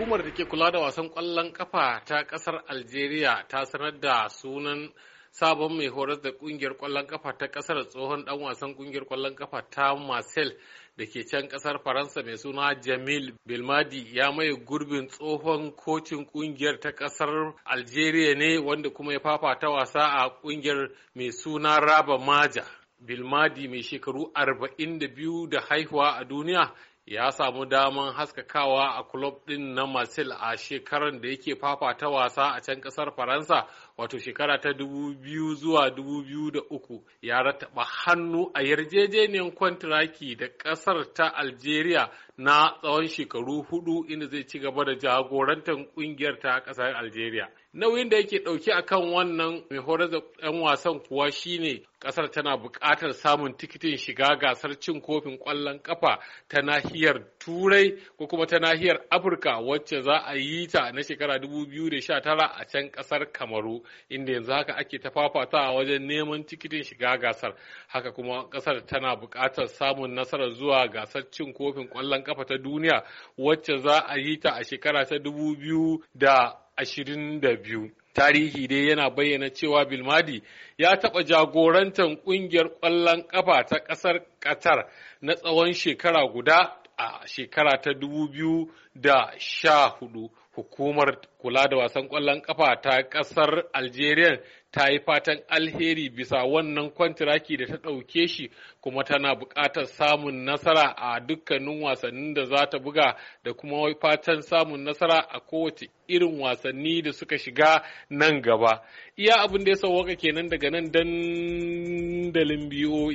Hukumar da ke kula da wasan kwallon kafa ta kasar Algeria ta sanar da sunan sabon mai horar da ƙungiyar kwallon kafa ta kasar tsohon ɗan wasan ƙungiyar ƙwallon kafa ta Marcel da ke can ƙasar Faransa mai suna Jamil bilmadi ya maye gurbin tsohon kocin ƙungiyar ta ƙasar Algeria ne wanda kuma ya fafata wasa a ƙungiyar mai suna Raba Maja. Bilmadi mai shekaru 42 da haihuwa a duniya ya samu daman haskakawa a kulob ɗin na Marseille a shekarar da yake fafata wasa a can ƙasar Faransa wato shekara ta 2000 zuwa 2003 ya rattaba hannu a yarjejeniyar kwantiraki da ƙasar ta Algeria na tsawon shekaru hudu inda zai ci gaba da jagorantar kungiyar ta kasar Aljeriya, Nauyin da yake dauke akan wannan mai horar da 'yan wasan kuwa shine kasar tana buƙatar samun tikitin shiga gasar cin kofin ƙwallon ƙafa ta nahiyar Turai ko kuma ta nahiyar Afirka wacce za a yi ta na shekara 2019 a can kasar Kamaru inda yanzu haka ake ta a wajen neman tikitin shiga gasar. Haka kuma kasar tana buƙatar samun nasarar zuwa gasar cin kofin ƙwallon kafa ta duniya wacce za a yi ta a shekara ta 2022. da ashirin da biyu. Tarihi dai yana bayyana cewa Bilmadi ya taɓa jagorantar ƙungiyar ƙwallon ƙafa ta ƙasar Qatar na tsawon shekara guda a shekara ta 2014 hukumar kula da wasan ƙwallon ƙafa ta ƙasar algeria ta yi fatan alheri bisa wannan kwantiraki da ta ɗauke shi kuma tana buƙatar samun nasara a dukkanin wasannin da za ta buga da kuma fatan samun nasara a kowace irin wasanni da suka shiga nan gaba iya abin da ya sauwaka kenan daga nan dandalin boa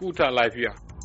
huta lafiya